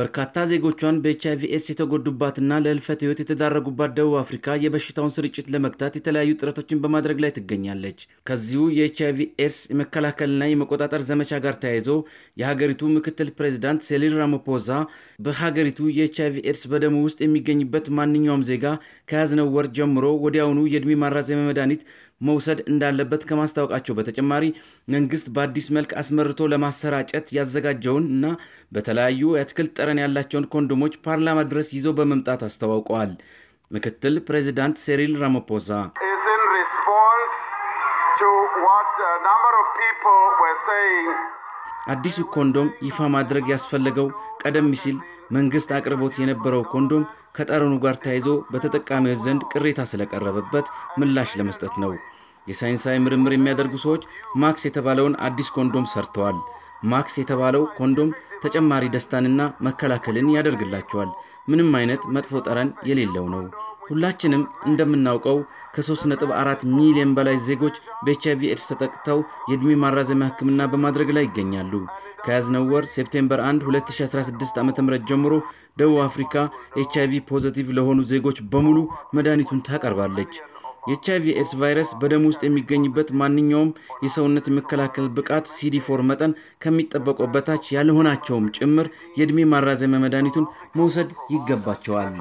በርካታ ዜጎቿን በኤችአይቪ ኤድስ የተጎዱባትና ለህልፈት ህይወት የተዳረጉባት ደቡብ አፍሪካ የበሽታውን ስርጭት ለመግታት የተለያዩ ጥረቶችን በማድረግ ላይ ትገኛለች። ከዚሁ የኤችአይቪ ኤድስ የመከላከልና የመቆጣጠር ዘመቻ ጋር ተያይዞ የሀገሪቱ ምክትል ፕሬዚዳንት ሴሊን ራማፖዛ በሀገሪቱ የኤችአይቪ ኤድስ በደሙ ውስጥ የሚገኝበት ማንኛውም ዜጋ ከያዝነው ወር ጀምሮ ወዲያውኑ የዕድሜ ማራዘሚያ መድኃኒት መውሰድ እንዳለበት ከማስታወቃቸው በተጨማሪ መንግስት በአዲስ መልክ አስመርቶ ለማሰራጨት ያዘጋጀውን እና በተለያዩ የአትክልት ጠረን ያላቸውን ኮንዶሞች ፓርላማ ድረስ ይዘው በመምጣት አስተዋውቀዋል። ምክትል ፕሬዚዳንት ሴሪል ራማፖዛ አዲሱ ኮንዶም ይፋ ማድረግ ያስፈለገው ቀደም ሲል መንግስት አቅርቦት የነበረው ኮንዶም ከጠረኑ ጋር ተያይዞ በተጠቃሚዎች ዘንድ ቅሬታ ስለቀረበበት ምላሽ ለመስጠት ነው። የሳይንሳዊ ምርምር የሚያደርጉ ሰዎች ማክስ የተባለውን አዲስ ኮንዶም ሰርተዋል። ማክስ የተባለው ኮንዶም ተጨማሪ ደስታንና መከላከልን ያደርግላቸዋል። ምንም አይነት መጥፎ ጠረን የሌለው ነው። ሁላችንም እንደምናውቀው ከ3.4 ሚሊዮን በላይ ዜጎች በኤችአይቪ ኤድስ ተጠቅተው የዕድሜ ማራዘሚያ ሕክምና በማድረግ ላይ ይገኛሉ። ከያዝነው ወር ሴፕቴምበር 1 2016 ዓ ም ጀምሮ ደቡብ አፍሪካ ኤች አይቪ ፖዘቲቭ ለሆኑ ዜጎች በሙሉ መድኃኒቱን ታቀርባለች። የኤች አይቪ ኤድስ ቫይረስ በደም ውስጥ የሚገኝበት ማንኛውም የሰውነት የመከላከል ብቃት ሲዲ ፎር መጠን ከሚጠበቀው በታች ያልሆናቸውም ጭምር የዕድሜ ማራዘሚ መድኃኒቱን መውሰድ ይገባቸዋል።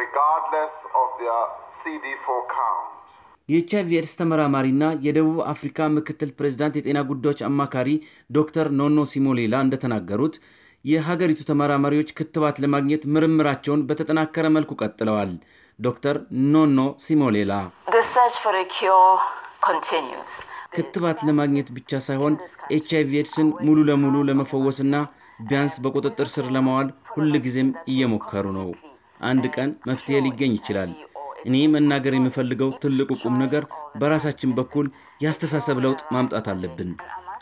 regardless of የኤች አይቪ ኤድስ ተመራማሪና የደቡብ አፍሪካ ምክትል ፕሬዚዳንት የጤና ጉዳዮች አማካሪ ዶክተር ኖኖ ሲሞሌላ እንደተናገሩት የሀገሪቱ ተመራማሪዎች ክትባት ለማግኘት ምርምራቸውን በተጠናከረ መልኩ ቀጥለዋል። ዶክተር ኖኖ ሲሞሌላ ክትባት ለማግኘት ብቻ ሳይሆን ኤች አይቪ ኤድስን ሙሉ ለሙሉ ለመፈወስና ቢያንስ በቁጥጥር ስር ለማዋል ጊዜም እየሞከሩ ነው። አንድ ቀን መፍትሄ ሊገኝ ይችላል። እኔ መናገር የምፈልገው ትልቁ ቁም ነገር በራሳችን በኩል የአስተሳሰብ ለውጥ ማምጣት አለብን።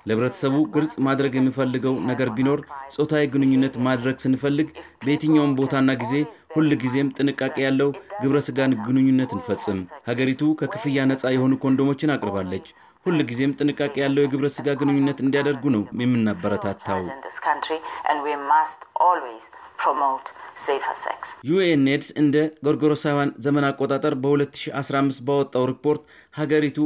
ለህብረተሰቡ ግልጽ ማድረግ የሚፈልገው ነገር ቢኖር ጾታዊ ግንኙነት ማድረግ ስንፈልግ በየትኛውም ቦታና ጊዜ ሁል ጊዜም ጥንቃቄ ያለው ግብረ ስጋን ግንኙነት እንፈጽም። ሀገሪቱ ከክፍያ ነፃ የሆኑ ኮንዶሞችን አቅርባለች። ሁል ጊዜም ጥንቃቄ ያለው የግብረ ስጋ ግንኙነት እንዲያደርጉ ነው የምናበረታታው። ዩኤንኤድስ እንደ ጎርጎሮሳውያን ዘመን አቆጣጠር በ2015 ባወጣው ሪፖርት ሀገሪቱ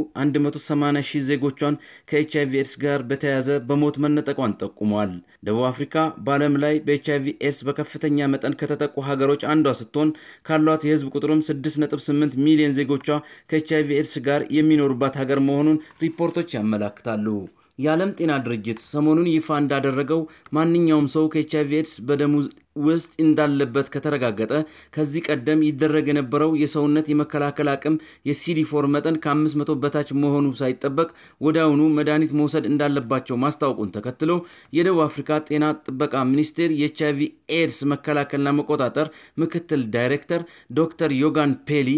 180 ሺህ ዜጎቿን ከኤች አይቪ ኤድስ ጋር በተያያዘ በሞት መነጠቋን ጠቁሟል። ደቡብ አፍሪካ በዓለም ላይ በኤች አይቪ ኤድስ በከፍተኛ መጠን ከተጠቁ ሀገሮች አንዷ ስትሆን ካሏት የህዝብ ቁጥርም 6.8 ሚሊዮን ዜጎቿ ከኤች አይቪ ኤድስ ጋር የሚኖሩባት ሀገር መሆኑን ሪፖርቶች ያመላክታሉ። የዓለም ጤና ድርጅት ሰሞኑን ይፋ እንዳደረገው ማንኛውም ሰው ከኤች አይቪ ኤድስ በደሙ ውስጥ እንዳለበት ከተረጋገጠ ከዚህ ቀደም ይደረግ የነበረው የሰውነት የመከላከል አቅም የሲዲፎር መጠን ከ500 በታች መሆኑ ሳይጠበቅ ወዲያውኑ መድኃኒት መውሰድ እንዳለባቸው ማስታወቁን ተከትሎ የደቡብ አፍሪካ ጤና ጥበቃ ሚኒስቴር የኤች አይቪ ኤድስ መከላከልና መቆጣጠር ምክትል ዳይሬክተር ዶክተር ዮጋን ፔሊ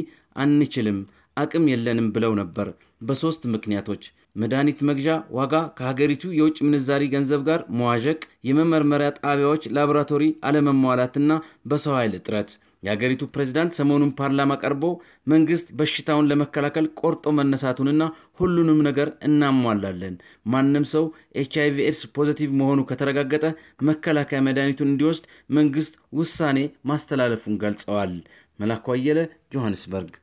አንችልም አቅም የለንም ብለው ነበር። በሶስት ምክንያቶች መድኃኒት መግዣ ዋጋ ከሀገሪቱ የውጭ ምንዛሪ ገንዘብ ጋር መዋዠቅ፣ የመመርመሪያ ጣቢያዎች ላቦራቶሪ አለመሟላትና በሰው ኃይል እጥረት። የሀገሪቱ ፕሬዝዳንት ሰሞኑን ፓርላማ ቀርቦ መንግስት በሽታውን ለመከላከል ቆርጦ መነሳቱንና ሁሉንም ነገር እናሟላለን፣ ማንም ሰው ኤች አይቪ ኤድስ ፖዘቲቭ መሆኑ ከተረጋገጠ መከላከያ መድኃኒቱን እንዲወስድ መንግስት ውሳኔ ማስተላለፉን ገልጸዋል። መላኩ አየለ ጆሐንስበርግ